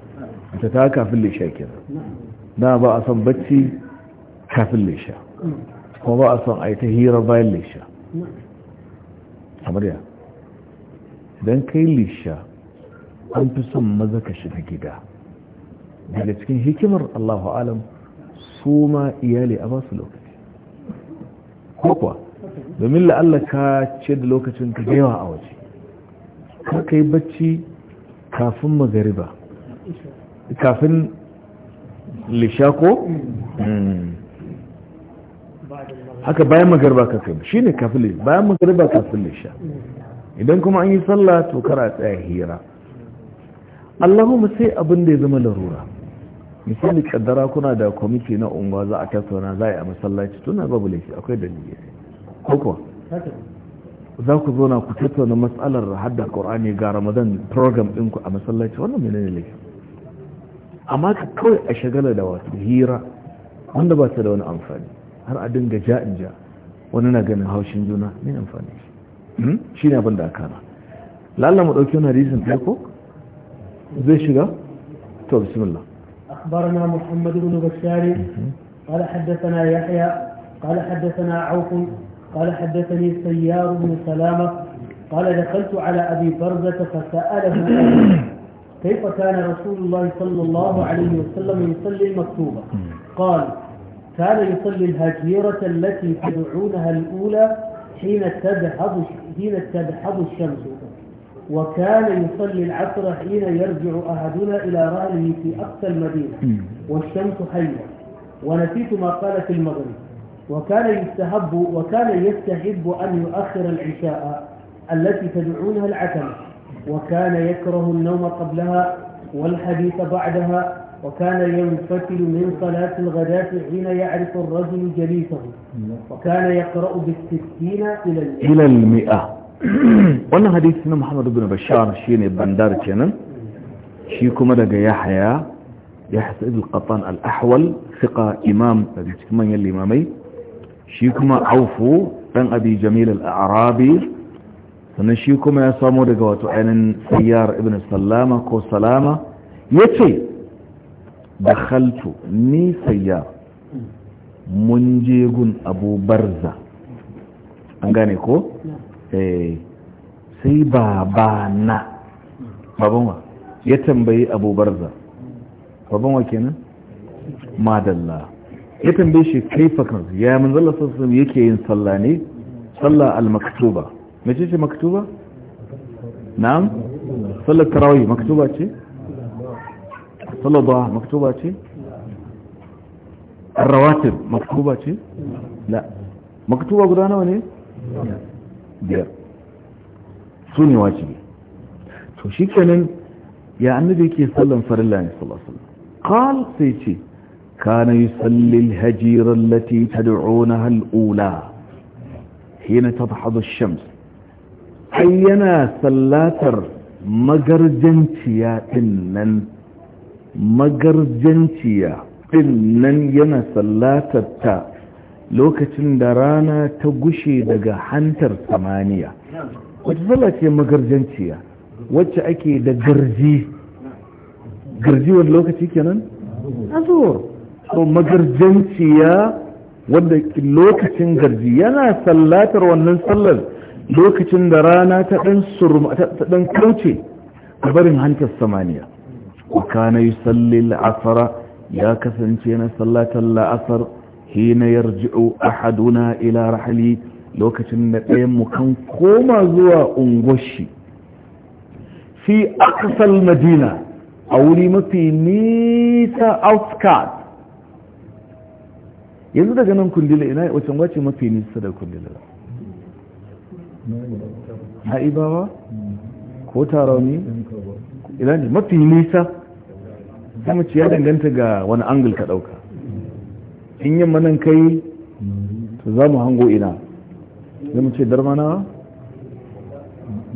ta ta kafin lisha kenan na ba a son bacci kafin lisha kuma ba a son a yi ta hira bayan lisha amarya don kai lisha an fi son maza ka shiga gida daga cikin hikimar allahu alam su ma iyali a basu lokaci ko kuwa domin la'alla ka ce da lokacin ka yawa a waje kar ka yi bacci kafin magariba kafin lishako hmm. haka bayan magariba ka kai shi ne kafin bayan magariba kafin lisha idan kuma an yi sallah to kara tsaya hira allahumma sai abin da ya zama larura misali kaddara kuna da kwamiti na unguwa za a tattauna za a yi a masallaci tuna babu laifi akwai dalili ko kuwa za ku zo na ku tattauna matsalar hadda ƙorani ga ramadan program ɗinku a masallaci wannan menene laifi amma ka kawai a shagala da wasu hira wanda ba ta da wani amfani har a dinga ja in ja wani na ganin haushin juna ne amfani hmm? shi ne abin da aka na lallama ɗauki wani hadisin ɗaya ko zai shiga to bismillah أخبرنا محمد بن بشار قال حدثنا يحيى قال حدثنا عوف قال حدثني سيار بن سلامة قال دخلت على أبي برزة فسأله كيف كان رسول الله صلى الله عليه وسلم يصلي المكتوبة قال كان يصلي الهجيرة التي تدعونها الأولى حين تدحض حين تدحض الشمس وكان يصلي العصر حين يرجع أحدنا إلى رأله في أقصى المدينة والشمس حية ونسيت ما قال في المغرب وكان يستحب وكان يستحب أن يؤخر العشاء التي تدعونها العتمة وكان يكره النوم قبلها والحديث بعدها وكان ينفتل من صلاة الغداة حين يعرف الرجل جليسه وكان يقرأ بالستين إلى المئة إلى المئة wannan hadisi na muhammadu bin bashar shi ne bandar kenan shi kuma daga yahaya ya hasabi al-qatan al-ahwal fiqa imam daga cikin manyan limamai shi kuma aufu dan abi jamil al-arabi sannan shi kuma ya samo daga wato ainihin sayyar ibn salama ko salama ya ce da haltu ni sayyar mun je gun abu barza an gane ko Eh, sai na babanwa ya tambayi abubarza babanwa kenan madalla ya tambaye shi kaifa fakar ya manzala sassan yake yin sallah ne sallah al-maktuba mace ce maktuba na'am sallar tarawai maktuba ce sallar ba maktuba ce الرواتب maktuba ce? Maktuba guda nawa ne? biyar su ne wajibi to shi kenan ya annabi yake sallan farilla ne sallallahu qal sai ce kana yusalli al-hajira allati tad'unaha al-ula hina tadhhadu ash-shams ayyana sallatar magarjanciya din nan magarjanciya din nan yana sallatar ta lokacin da rana ta gushe daga hantar samaniya wacce sallah ce magarjanciya wacce ake da garji garji wani lokaci kenan azur so magarjanciya wadda lokacin garji yana sallatar wannan sallar lokacin da rana ta dan surma ta dan kauce a barin hantar samaniya wa kana yusalli al-asr ya kasance na sallatar la'asar hina yarji'u ahaduna ila rahli lokacin da ɗayan mu kan koma zuwa ungoshi fi aqsal madina a wuri mafi nisa outskirt yanzu daga nan kundila ina wacce wace mafi nisa da kundila ha'ibawa ko tarauni ina ne mafi nisa kuma ce ya danganta ga wani angul ka ɗauka in yi manan kai za mu hango ina zai mu ce darmana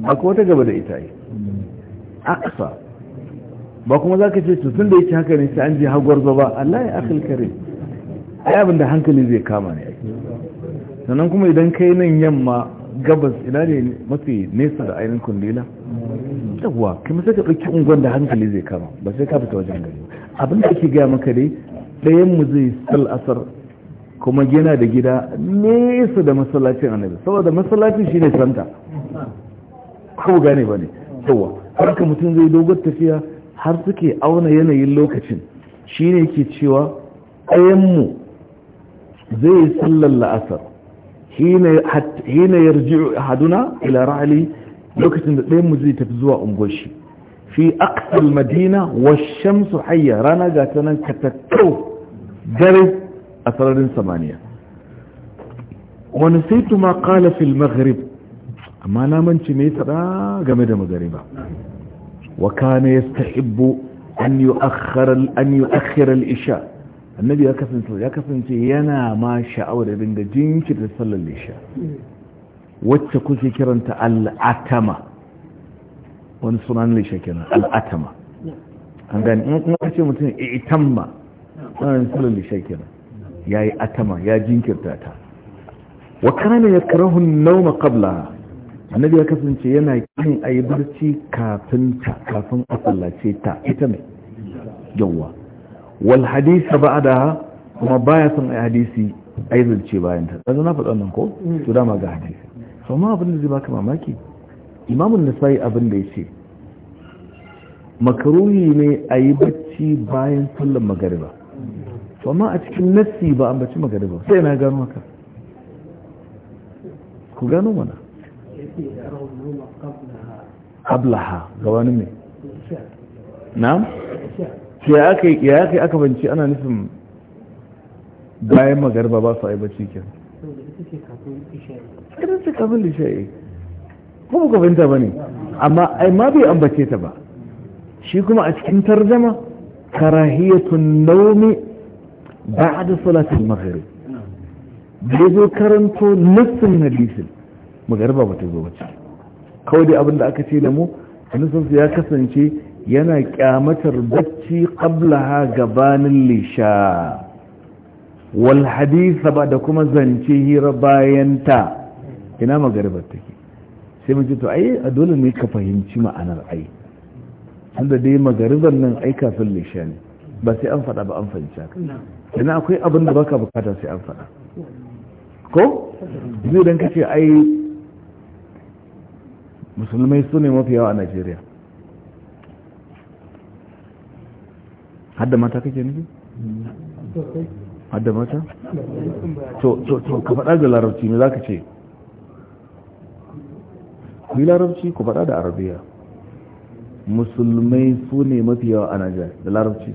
akwai wata gaba da ita yi aksa ba kuma za ka ce tutun da yake haka ne sai an je hagwar ba Allah ya akil kare ai abin da hankali zai kama ne sannan kuma idan kai nan yamma gabas ina ne mafi nesa da ainihin kundila yawwa kuma sai ka ɗauki ungon da hankali zai kama ba sai ka fita wajen gari abin da ake gaya maka dai ɗayan mu zai sal asar kuma yana da gida nesa da masallacin annabi saboda masallacin shi ne santa ko gane ba ne yawa mutum zai dogon tafiya har suke auna yanayin lokacin shi ne ke cewa ɗayanmu zai sallar la'asar hina yarji haduna ila ra'ali lokacin da ɗayanmu zai tafi zuwa ungoshi في اقصى المدينة والشمس حية رانا جاتنا كتكو درس اثرار ثمانيه ونسيت ما قال في المغرب اما نامن چميت را غمد مغربا وكان يستحب ان يؤخر ان يؤخر الاشاء النبي يا كفن يا كفن يا ينا ما شاء الله بن دجين كده صلى العشاء وتكو كرنت العتمه wani sunan lishe kenan al'atama an gani in kuma ce mutum itamma wannan sunan lishe kenan ya yi atama ya jinkirta ta wa kanana ya karahun nauma qabla annabi ya kasance yana kin ayi barci kafin ta kafin a ta ita mai yawwa wal hadisa ba'da kuma baya son ayi hadisi ayi zance bayan ta na faɗa nan ko to dama ga hadisi so ma abin da zai baka mamaki imamun nasai abin da ya ce makaruhi ne a yi bacci bayan sallan magariba to amma a cikin nassi ba an bacci magariba sai na gano haka ku gano mana ablaha ga wani ne na? ya aka yi aka banci ana nufin bayan magariba ba su a yi bacci kenan. kafin Kuma ka fahimta ba ne amma ai ma bai ambace ta ba shi kuma a cikin tarjama karahiyatun naumi ba'da salatul maghrib da zo karanto nassin hadisin magarba ba ta zo ba kawai dai abin da aka ce da mu hadisin ya kasance yana kyamatar bacci qablaha gabanin lisha wal hadisa ba da kuma zance hira bayanta ina magarbar take sai mace to ai a dole ne ka fahimci ma'anar ai tunda dai magarizan nan ai kafin lisha ne ba sai an faɗa ba an fahimci haka yana akwai abin da baka bukata sai an faɗa ko zai dan kace ai musulmai su ne mafi yawa a najeriya hadda mata kake nufi hadda mata to to to ka faɗa da larabci me za ka ce ku yi larabci ku faɗa da arabiya musulmai su ne mafi yawa a najar da larabci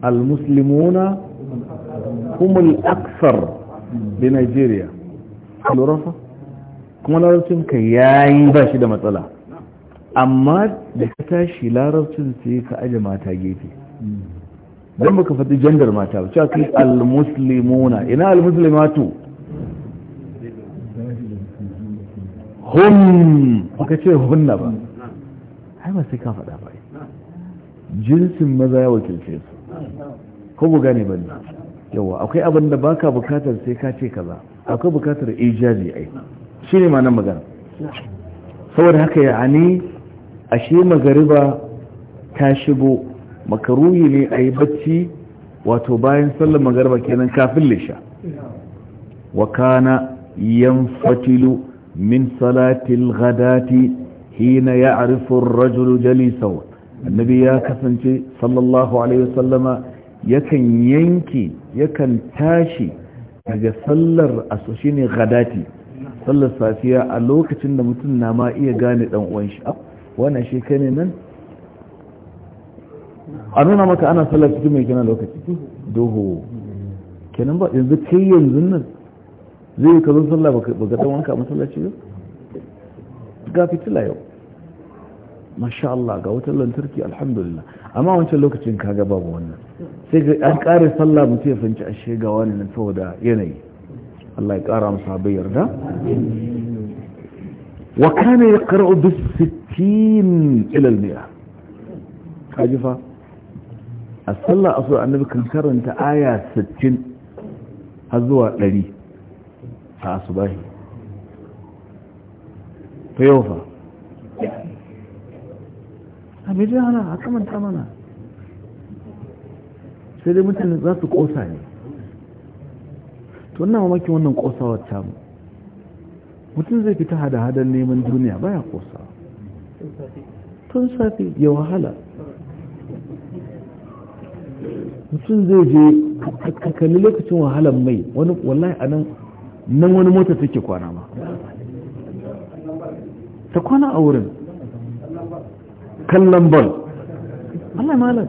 al-muslimuna aksar da nigeria kalurafa kuma larabcin ka yayi ba shi da matsala amma da ka tashi larabcin sai ka aje mata gefe don baka faɗi jandar mata ba cewa kai al ina al hun ce hunna ba sai ka faɗa ba jinsin maza ya wakilce su ko gane ba ne yawa akwai abin da baka bukatar sai ka ce kaza akwai bukatar ijazi ai shine ma nan magana saboda haka ya ani ashe magariba ta shigo makaruhi ne a yi bacci wato bayan sallar magariba kenan kafin lisha wa kana yan fatilu min salatil ghadati hina ya'rifu ar rajul Jalisau. annabi ya kasance sallallahu alaihi wasallama yakan yanki yakan tashi daga sallar asu shine ghadati sallar safiya a lokacin da mutum na iya gane dan uwan shi ah, wannan shi nan a nuna maka ana sallar cikin mai kina lokaci kenan ba yanzu kai nan zai ka zo sallah ba ga dan wanka masallaci ba ga fitila yau masha Allah ga wutar lantarki alhamdulillah amma wancan lokacin kaga babu wannan sai ga an kare sallah mutum ya fanci ashe ga wannan saboda yanayi Allah ya ƙara masa bai yarda wa kana yaqra'u bis 60 ila al-mi'a kaji a sallah asu annabi kan karanta aya 60 har zuwa 100 a asubahi ta yau fa a mai hana a kamanta mana sai dai mutane za su kosa ne to mamakin wannan kosawar tamu mutum zai fita hada-hadar neman duniya baya kosa tun safi ya wahala mutum zai je kalli lokacin wahalar mai wani wallahi a nan nan wani mota take kwana ma ta kwana a wurin kallon bal Allah malam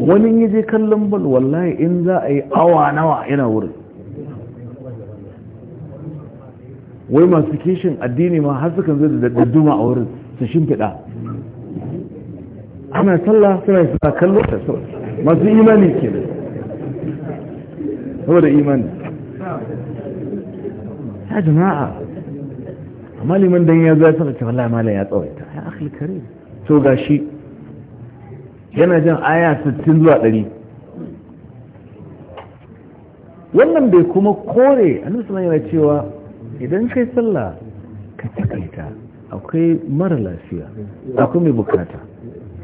wani yi je kallon bal wallahi in za a yi awa nawa yana wurin wai masu kishin addini ma har sukan zai da dadduma a wurin su shimfiɗa ana sallah suna suna kallo masu imani ke saboda imani ya jama'a amma liman dan ya zo ya saka wallahi malam ya tsawaita ya akhil kare to gashi yana jan aya 60 zuwa 100 wannan bai kuma kore annabi sallallahu yana cewa idan kai sallah ka takaita akwai mara lafiya akwai mai bukata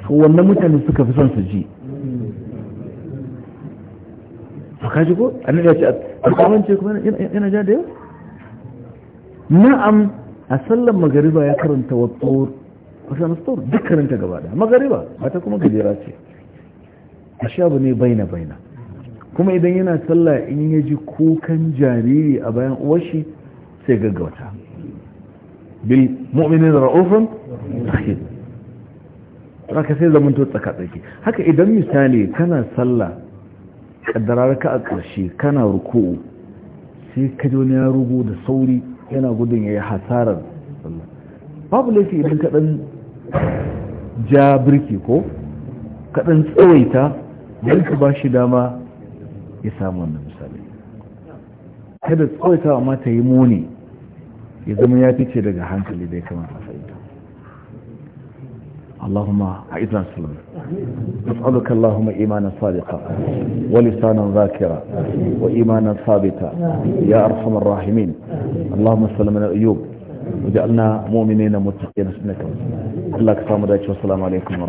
to wannan mutane suka fi son su ji kaji ko nan ya ce alƙalanci kuma yana ja da yau na'am a sallan magariba ya karanta wa tsor kusan tsor duk karanta gaba da magariba ba ta kuma gajera ce a sha ne baina baina kuma idan yana sallah in ya ji kukan jariri a bayan uwashi sai gaggauta bil mu'minin ra'ufin rahim haka sai zamanto tsaka tsaki haka idan misali kana sallah kaddarar ka a ƙarshe kana ruku sai ka ji wani ya rugu da sauri yana gudun ya yi hasarar babu laifi idan ka ɗan ja birki ko ka ɗan tsawaita don ka ba shi dama ya samu wannan misali kada tsawaita amma ta yi muni ya zama ya fice daga hankali da ya kamata اللهم أعزنا السلام نسألك اللهم إيمانا صادقا ولسانا ذاكرا وإيمانا ثابتا يا أرحم الراحمين اللهم سلمنا أيوب وجعلنا مؤمنين متقين اسمك الله كسام دايش والسلام عليكم ورحمة